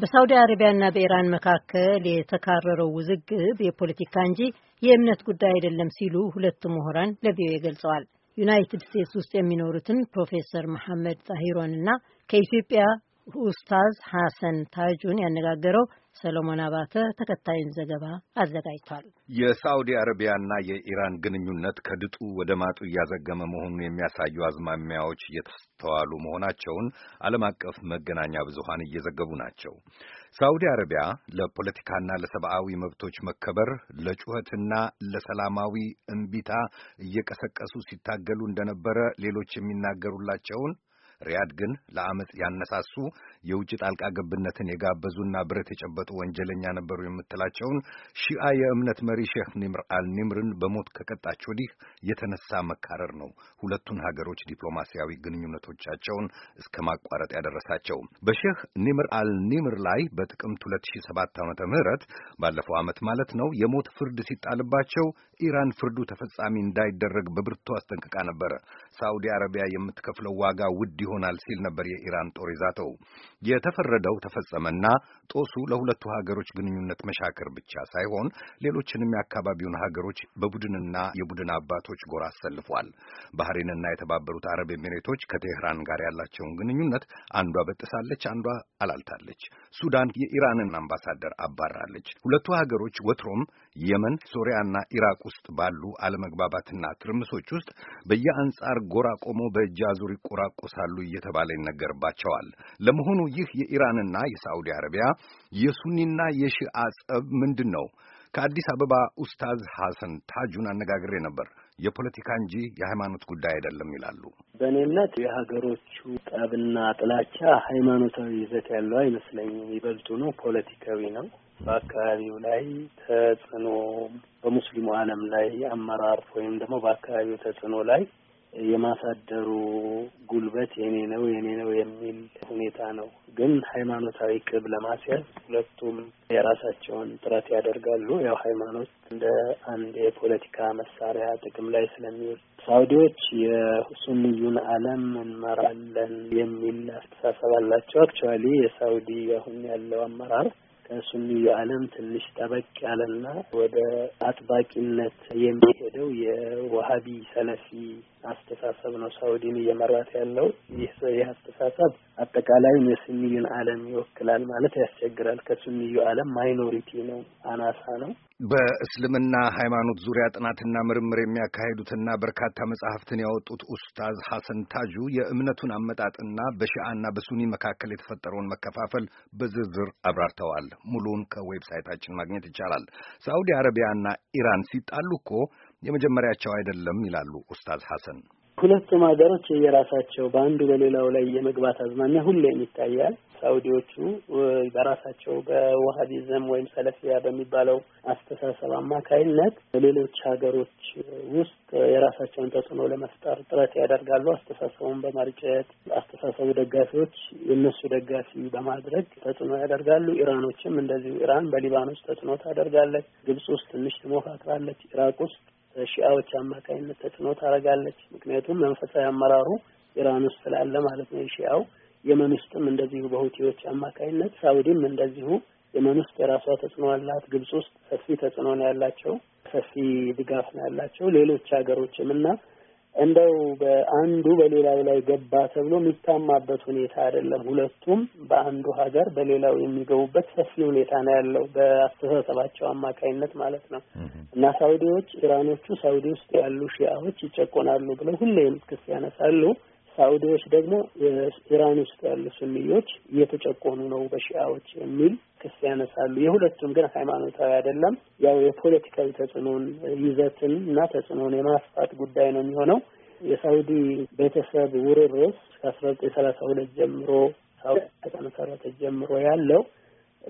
በሳውዲ አረቢያና በኢራን መካከል የተካረረው ውዝግብ የፖለቲካ እንጂ የእምነት ጉዳይ አይደለም ሲሉ ሁለቱ ምሁራን ለቪኦኤ ገልጸዋል። ዩናይትድ ስቴትስ ውስጥ የሚኖሩትን ፕሮፌሰር መሐመድ ጣሂሮንና ከኢትዮጵያ ኡስታዝ ሐሰን ታጁን ያነጋገረው ሰሎሞን አባተ ተከታዩን ዘገባ አዘጋጅቷል። የሳዑዲ አረቢያና የኢራን ግንኙነት ከድጡ ወደ ማጡ እያዘገመ መሆኑን የሚያሳዩ አዝማሚያዎች እየተስተዋሉ መሆናቸውን ዓለም አቀፍ መገናኛ ብዙሃን እየዘገቡ ናቸው። ሳዑዲ አረቢያ ለፖለቲካና ለሰብአዊ መብቶች መከበር ለጩኸትና ለሰላማዊ እምቢታ እየቀሰቀሱ ሲታገሉ እንደነበረ ሌሎች የሚናገሩላቸውን ሪያድ ግን ለአመፅ ያነሳሱ የውጭ ጣልቃ ገብነትን የጋበዙና ብረት የጨበጡ ወንጀለኛ ነበሩ የምትላቸውን ሺአ የእምነት መሪ ሼህ ኒምር አልኒምርን በሞት ከቀጣች ወዲህ የተነሳ መካረር ነው ሁለቱን ሀገሮች ዲፕሎማሲያዊ ግንኙነቶቻቸውን እስከ ማቋረጥ ያደረሳቸው። በሼህ ኒምር አልኒምር ላይ በጥቅምት 2007 ዓመተ ምህረት ባለፈው ዓመት ማለት ነው የሞት ፍርድ ሲጣልባቸው ኢራን ፍርዱ ተፈጻሚ እንዳይደረግ በብርቱ አስጠንቅቃ ነበረ። ሳዑዲ አረቢያ የምትከፍለው ዋጋ ውድ ይሆናል ሲል ነበር የኢራን ጦር ይዛተው። የተፈረደው ተፈጸመና ጦሱ ለሁለቱ ሀገሮች ግንኙነት መሻከር ብቻ ሳይሆን ሌሎችንም የአካባቢውን ሀገሮች በቡድንና የቡድን አባቶች ጎራ አሰልፏል። ባህሬንና የተባበሩት አረብ ኤሚሬቶች ከቴህራን ጋር ያላቸውን ግንኙነት አንዷ በጥሳለች፣ አንዷ አላልታለች። ሱዳን የኢራንን አምባሳደር አባራለች። ሁለቱ ሀገሮች ወትሮም የመን፣ ሶሪያና ኢራቅ ውስጥ ባሉ አለመግባባትና ትርምሶች ውስጥ በየአንጻር ጎራ ቆሞ በእጅ አዙር ይቆራቆሳሉ እየተባለ ይነገርባቸዋል። ለመሆኑ ይህ የኢራንና የሳዑዲ አረቢያ የሱኒና የሺአ ጸብ ምንድን ነው? ከአዲስ አበባ ኡስታዝ ሐሰን ታጁን አነጋግሬ ነበር። የፖለቲካ እንጂ የሃይማኖት ጉዳይ አይደለም ይላሉ። በእኔ እምነት የሀገሮቹ ጠብና ጥላቻ ሃይማኖታዊ ይዘት ያለው አይመስለኝም። ይበልጡ ነው ፖለቲካዊ ነው። በአካባቢው ላይ ተጽዕኖ በሙስሊሙ ዓለም ላይ አመራር ወይም ደግሞ በአካባቢው ተጽዕኖ ላይ የማሳደሩ ጉልበት የኔ ነው የኔ ነው የሚል ሁኔታ ነው። ግን ሃይማኖታዊ ቅብ ለማስያዝ ሁለቱም የራሳቸውን ጥረት ያደርጋሉ። ያው ሃይማኖት እንደ አንድ የፖለቲካ መሳሪያ ጥቅም ላይ ስለሚውል ሳውዲዎች የሱንዩን ዓለም እንመራለን የሚል አስተሳሰብ አላቸው። አክቹዋሊ የሳውዲ አሁን ያለው አመራር ከሱኒ የዓለም ትንሽ ጠበቅ ያለና ወደ አጥባቂነት የሚሄደው የዋሀቢ ሰለፊ አስተሳሰብ ነው ሳውዲን እየመራት ያለው። ይህ አስተሳሰብ አጠቃላይን የስኒዩን ዓለም ይወክላል ማለት ያስቸግራል። ከስኒዩ ዓለም ማይኖሪቲ ነው፣ አናሳ ነው። በእስልምና ሃይማኖት ዙሪያ ጥናትና ምርምር የሚያካሂዱትና በርካታ መጽሐፍትን ያወጡት ኡስታዝ ሐሰን ታጁ የእምነቱን አመጣጥና በሺአና በሱኒ መካከል የተፈጠረውን መከፋፈል በዝርዝር አብራርተዋል። ሙሉውን ከዌብሳይታችን ማግኘት ይቻላል። ሳዑዲ አረቢያና ኢራን ሲጣሉ እኮ የመጀመሪያቸው አይደለም ይላሉ ኡስታዝ ሐሰን። ሁለቱም ሀገሮች የራሳቸው በአንዱ በሌላው ላይ የመግባት አዝማሚያ ሁሌም ይታያል። ሳውዲዎቹ በራሳቸው በዋሃቢዝም ወይም ሰለፊያ በሚባለው አስተሳሰብ አማካይነት በሌሎች ሀገሮች ውስጥ የራሳቸውን ተጽዕኖ ለመፍጠር ጥረት ያደርጋሉ። አስተሳሰቡን በማርጨት አስተሳሰቡ ደጋፊዎች የእነሱ ደጋፊ በማድረግ ተጽዕኖ ያደርጋሉ። ኢራኖችም እንደዚሁ ኢራን በሊባን ተጽዕኖ ታደርጋለች። ግብጽ ውስጥ ትንሽ ትሞካክራለች። ኢራቅ ውስጥ በሺአዎች አማካኝነት ተጽዕኖ ታደርጋለች። ምክንያቱም መንፈሳዊ አመራሩ ኢራን ውስጥ ስላለ ማለት ነው። የሺአው የመን ውስጥም እንደዚሁ በሁቲዎች አማካኝነት፣ ሳውዲም እንደዚሁ የመን ውስጥ የራሷ ተጽዕኖ አላት። ግብጽ ውስጥ ሰፊ ተጽዕኖ ነው ያላቸው፣ ሰፊ ድጋፍ ነው ያላቸው ሌሎች ሀገሮችም እና እንደው በአንዱ በሌላው ላይ ገባ ተብሎ የሚታማበት ሁኔታ አይደለም። ሁለቱም በአንዱ ሀገር በሌላው የሚገቡበት ሰፊ ሁኔታ ነው ያለው በአስተሳሰባቸው አማካይነት ማለት ነው። እና ሳውዲዎች ኢራኖቹ ሳውዲ ውስጥ ያሉ ሺአዎች ይጨቆናሉ ብለው ሁሌም ክስ ያነሳሉ። ሳዑዲዎች ደግሞ ኢራን ውስጥ ያሉ ሱኒዎች እየተጨቆኑ ነው በሺያዎች የሚል ክስ ያነሳሉ። የሁለቱም ግን ሃይማኖታዊ አይደለም። ያው የፖለቲካዊ ተጽዕኖን ይዘትን እና ተጽዕኖን የማስፋት ጉዳይ ነው የሚሆነው። የሳዑዲ ቤተሰብ ውርርስ ከአስራ ዘጠኝ ሰላሳ ሁለት ጀምሮ ሳዑዲ ከተመሰረተ ጀምሮ ያለው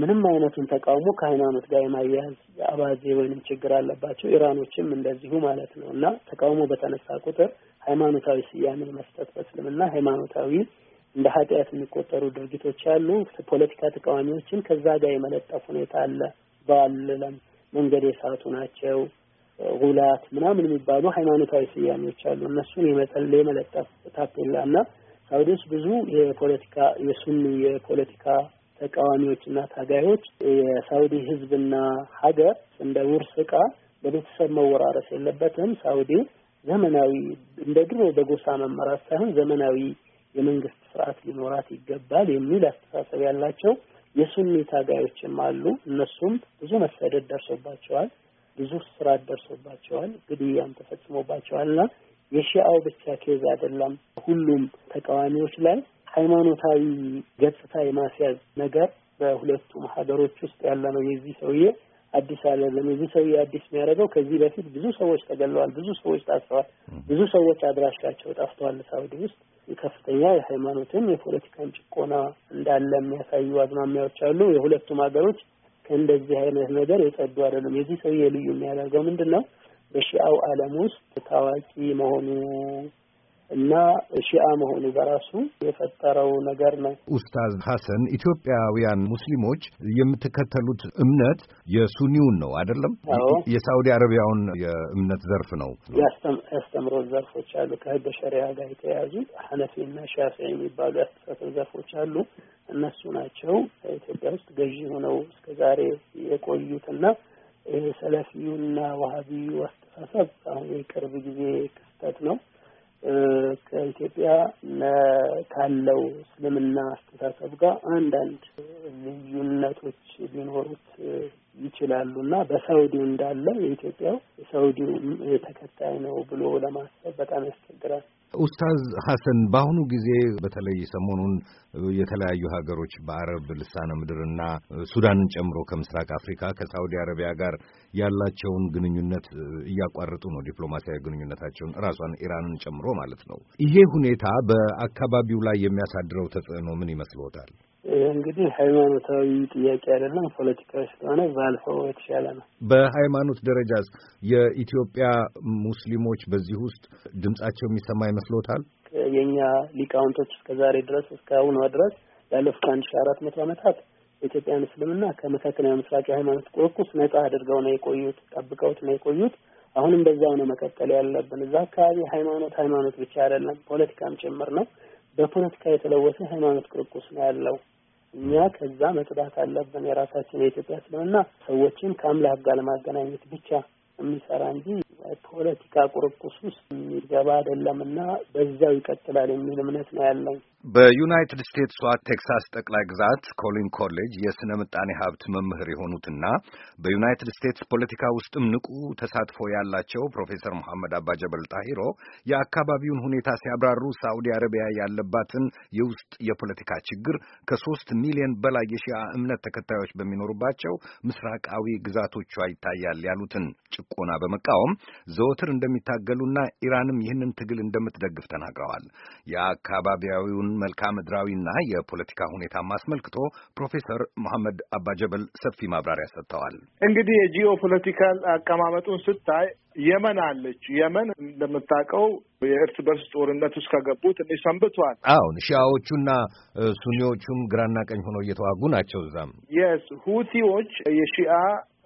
ምንም አይነቱን ተቃውሞ ከሃይማኖት ጋር የማያያዝ አባዜ ወይንም ችግር አለባቸው። ኢራኖችም እንደዚሁ ማለት ነው እና ተቃውሞ በተነሳ ቁጥር ሃይማኖታዊ ስያሜ መስጠት በእስልምና ሃይማኖታዊ እንደ ኃጢአት የሚቆጠሩ ድርጊቶች አሉ። ፖለቲካ ተቃዋሚዎችን ከዛ ጋር የመለጠፍ ሁኔታ አለ። በአልለም መንገድ የሳቱ ናቸው ሁላት ምናምን የሚባሉ ሃይማኖታዊ ስያሜዎች አሉ። እነሱን የመለጠፍ ታፔላ እና ሳውዲስ ብዙ የፖለቲካ የሱኒ የፖለቲካ ተቃዋሚዎችና ታጋዮች የሳውዲ ህዝብና ሀገር እንደ ውርስ እቃ በቤተሰብ መወራረስ የለበትም። ሳውዲ ዘመናዊ እንደ ድሮ በጎሳ መመራት ሳይሆን ዘመናዊ የመንግስት ስርዓት ሊኖራት ይገባል የሚል አስተሳሰብ ያላቸው የሱኒ ታጋዮችም አሉ። እነሱም ብዙ መሰደድ ደርሶባቸዋል፣ ብዙ ስራት ደርሶባቸዋል፣ ግድያም ተፈጽሞባቸዋል የሺአው ብቻ ኬዝ አይደለም ሁሉም ተቃዋሚዎች ላይ ሃይማኖታዊ ገጽታ የማስያዝ ነገር በሁለቱ ማህበሮች ውስጥ ያለ ነው። የዚህ ሰውዬ አዲስ አይደለም። የዚህ ሰውዬ አዲስ የሚያደርገው ከዚህ በፊት ብዙ ሰዎች ተገለዋል፣ ብዙ ሰዎች ታስረዋል፣ ብዙ ሰዎች አድራሻቸው ጠፍተዋል። ሳውዲ ውስጥ ከፍተኛ የሃይማኖትን የፖለቲካን ጭቆና እንዳለ የሚያሳዩ አዝማሚያዎች አሉ። የሁለቱም ሀገሮች ከእንደዚህ አይነት ነገር የጸዱ አይደለም። የዚህ ሰውዬ ልዩ የሚያደርገው ምንድን ነው? በሺአው ዓለም ውስጥ ታዋቂ መሆኑ እና ሺአ መሆኑ በራሱ የፈጠረው ነገር ነው። ኡስታዝ ሐሰን ኢትዮጵያውያን ሙስሊሞች የምትከተሉት እምነት የሱኒውን ነው አይደለም? የሳውዲ አረቢያውን የእምነት ዘርፍ ነው። ያስተምሮት ዘርፎች አሉ። ከህገ ሸሪያ ጋር የተያያዙ ሐነፊና ሻፊ የሚባሉ ያስተሳሰብ ዘርፎች አሉ። እነሱ ናቸው ኢትዮጵያ ውስጥ ገዢ ሆነው ዛሬ የቆዩትና ሰለፊዩና ዋሀቢዩ አስተሳሰብ አሁን የቅርብ ጊዜ ክስተት ነው። ከኢትዮጵያ ካለው እስልምና አስተሳሰብ ጋር አንዳንድ ልዩነቶች ሊኖሩት ይችላሉ እና በሳውዲው እንዳለ የኢትዮጵያው ሳውዲው ተከታይ ነው ብሎ ለማሰብ በጣም ያስቸግራል። ኡስታዝ ሐሰን በአሁኑ ጊዜ በተለይ ሰሞኑን የተለያዩ ሀገሮች በአረብ ልሳነ ምድርና ሱዳንን ጨምሮ ከምስራቅ አፍሪካ ከሳውዲ አረቢያ ጋር ያላቸውን ግንኙነት እያቋረጡ ነው፣ ዲፕሎማሲያዊ ግንኙነታቸውን ራሷን ኢራንን ጨምሮ ማለት ነው። ይሄ ሁኔታ በአካባቢው ላይ የሚያሳድረው ተጽዕኖ ምን ይመስልዎታል? ይህ እንግዲህ ሃይማኖታዊ ጥያቄ አይደለም፣ ፖለቲካዊ ስለሆነ ባልፈው የተሻለ ነው። በሃይማኖት ደረጃስ የኢትዮጵያ ሙስሊሞች በዚህ ውስጥ ድምጻቸው የሚሰማ ይመስሎታል? የእኛ ሊቃውንቶች እስከ ዛሬ ድረስ እስከ ድረስ ያለፉት አንድ ሺ አራት መቶ ዓመታት የኢትዮጵያን እስልምና ከመካከለኛው ምስራቅ የሃይማኖት ቁርቁስ ነጻ አድርገው ነው የቆዩት፣ ጠብቀውት ነው የቆዩት። አሁንም በዛው ነው መቀጠል ያለብን። እዛ አካባቢ ሃይማኖት ሃይማኖት ብቻ አይደለም፣ ፖለቲካም ጭምር ነው። በፖለቲካ የተለወሰ ሃይማኖት ቁርቁስ ነው ያለው። እኛ ከዛ መጽዳት አለብን። የራሳችን የኢትዮጵያ ስለሆነና ሰዎችን ከአምላክ ጋር ለማገናኘት ብቻ የሚሰራ እንጂ ፖለቲካ ቁርቁስ ውስጥ የሚገባ አይደለም እና በዛው ይቀጥላል የሚል እምነት ነው ያለኝ። በዩናይትድ ስቴትስዋ ቴክሳስ ጠቅላይ ግዛት ኮሊን ኮሌጅ የሥነ ምጣኔ ሀብት መምህር የሆኑትና በዩናይትድ ስቴትስ ፖለቲካ ውስጥም ንቁ ተሳትፎ ያላቸው ፕሮፌሰር መሐመድ አባጀበል ጣሂሮ የአካባቢውን ሁኔታ ሲያብራሩ ሳዑዲ አረቢያ ያለባትን የውስጥ የፖለቲካ ችግር ከሶስት ሚሊዮን በላይ የሺያ እምነት ተከታዮች በሚኖሩባቸው ምስራቃዊ ግዛቶቿ ይታያል ያሉትን ጭቆና በመቃወም ዘወትር እንደሚታገሉና ኢራንም ይህንን ትግል እንደምትደግፍ ተናግረዋል። የአካባቢያዊውን የሀገሪቱን መልክዓ ምድራዊና የፖለቲካ ሁኔታም አስመልክቶ ፕሮፌሰር መሐመድ አባጀበል ሰፊ ማብራሪያ ሰጥተዋል። እንግዲህ የጂኦ ፖለቲካል አቀማመጡን ስታይ የመን አለች። የመን እንደምታውቀው የእርስ በርስ ጦርነት ውስጥ ከገቡ ትንሽ ሰንብቷል። አሁን ሺያዎቹና ሱኒዎቹም ግራና ቀኝ ሆነው እየተዋጉ ናቸው። እዛም የስ ሁቲዎች የሺአ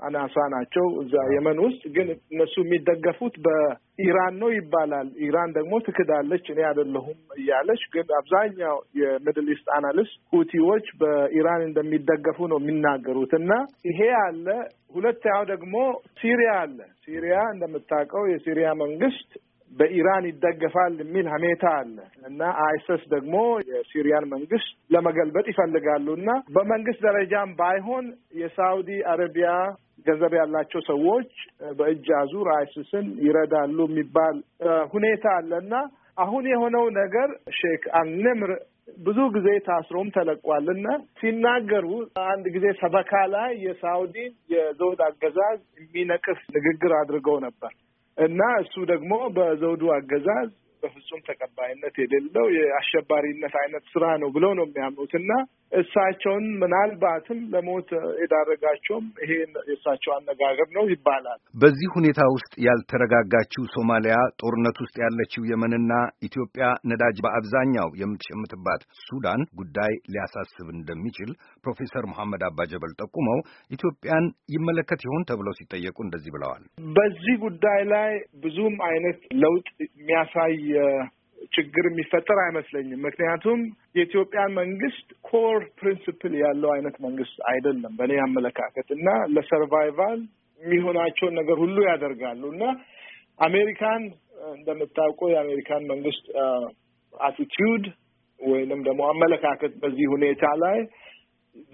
አናሳ ናቸው። እዛ የመን ውስጥ ግን እነሱ የሚደገፉት በኢራን ነው ይባላል። ኢራን ደግሞ ትክዳለች፣ እኔ አይደለሁም እያለች ግን አብዛኛው የሚድል ኢስት አናሊስት ሁቲዎች በኢራን እንደሚደገፉ ነው የሚናገሩት። እና ይሄ አለ። ሁለተኛው ደግሞ ሲሪያ አለ። ሲሪያ እንደምታውቀው የሲሪያ መንግስት በኢራን ይደገፋል የሚል ሀሜታ አለ እና አይሰስ ደግሞ የሲሪያን መንግስት ለመገልበጥ ይፈልጋሉ እና በመንግስት ደረጃም ባይሆን የሳውዲ አረቢያ ገንዘብ ያላቸው ሰዎች በእጅ አዙር አይሲስን ይረዳሉ የሚባል ሁኔታ አለና አሁን የሆነው ነገር ሼክ አልነምር ብዙ ጊዜ ታስሮም ተለቋልና ሲናገሩ አንድ ጊዜ ሰበካ ላይ የሳውዲን የዘውድ አገዛዝ የሚነቅፍ ንግግር አድርገው ነበር እና እሱ ደግሞ በዘውዱ አገዛዝ በፍጹም ተቀባይነት የሌለው የአሸባሪነት አይነት ስራ ነው ብለው ነው የሚያምኑት እና እሳቸውን ምናልባትም ለሞት የዳረጋቸውም ይሄ የእሳቸው አነጋገር ነው ይባላል። በዚህ ሁኔታ ውስጥ ያልተረጋጋችው ሶማሊያ፣ ጦርነት ውስጥ ያለችው የመንና ኢትዮጵያ ነዳጅ በአብዛኛው የምትሸምትባት ሱዳን ጉዳይ ሊያሳስብ እንደሚችል ፕሮፌሰር መሐመድ አባጀበል ጠቁመው ኢትዮጵያን ይመለከት ይሆን ተብለው ሲጠየቁ እንደዚህ ብለዋል። በዚህ ጉዳይ ላይ ብዙም አይነት ለውጥ የሚያሳይ ችግር የሚፈጠር አይመስለኝም። ምክንያቱም የኢትዮጵያ መንግስት ኮር ፕሪንስፕል ያለው አይነት መንግስት አይደለም በእኔ አመለካከት እና ለሰርቫይቫል የሚሆናቸውን ነገር ሁሉ ያደርጋሉ እና አሜሪካን እንደምታውቀው የአሜሪካን መንግስት አቲቲዩድ ወይንም ደግሞ አመለካከት በዚህ ሁኔታ ላይ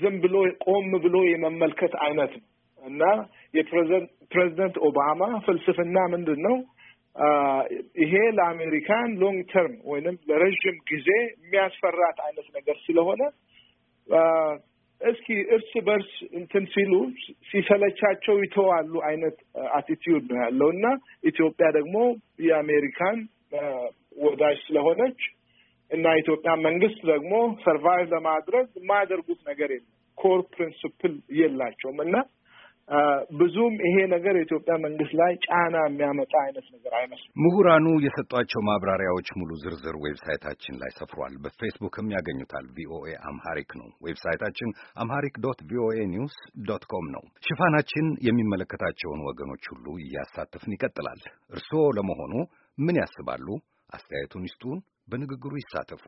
ዝም ብሎ ቆም ብሎ የመመልከት አይነት ነው እና የፕሬዚደንት ኦባማ ፍልስፍና ምንድን ነው? ይሄ ለአሜሪካን ሎንግ ተርም ወይንም ለረዥም ጊዜ የሚያስፈራት አይነት ነገር ስለሆነ እስኪ እርስ በርስ እንትን ሲሉ ሲሰለቻቸው ይተዋሉ አይነት አቲቲዩድ ነው ያለው እና ኢትዮጵያ ደግሞ የአሜሪካን ወዳጅ ስለሆነች እና የኢትዮጵያ መንግስት ደግሞ ሰርቫይቭ ለማድረግ የማያደርጉት ነገር የለም። ኮር ፕሪንስፕል የላቸውም እና ብዙም ይሄ ነገር የኢትዮጵያ መንግስት ላይ ጫና የሚያመጣ አይነት ነገር አይመስልም። ምሁራኑ የሰጧቸው ማብራሪያዎች ሙሉ ዝርዝር ዌብሳይታችን ላይ ሰፍሯል። በፌስቡክም ያገኙታል። ቪኦኤ አምሃሪክ ነው። ዌብሳይታችን አምሃሪክ ዶት ቪኦኤ ኒውስ ዶት ኮም ነው። ሽፋናችን የሚመለከታቸውን ወገኖች ሁሉ እያሳተፍን ይቀጥላል። እርስዎ ለመሆኑ ምን ያስባሉ? አስተያየቱን ይስጡን፣ በንግግሩ ይሳተፉ።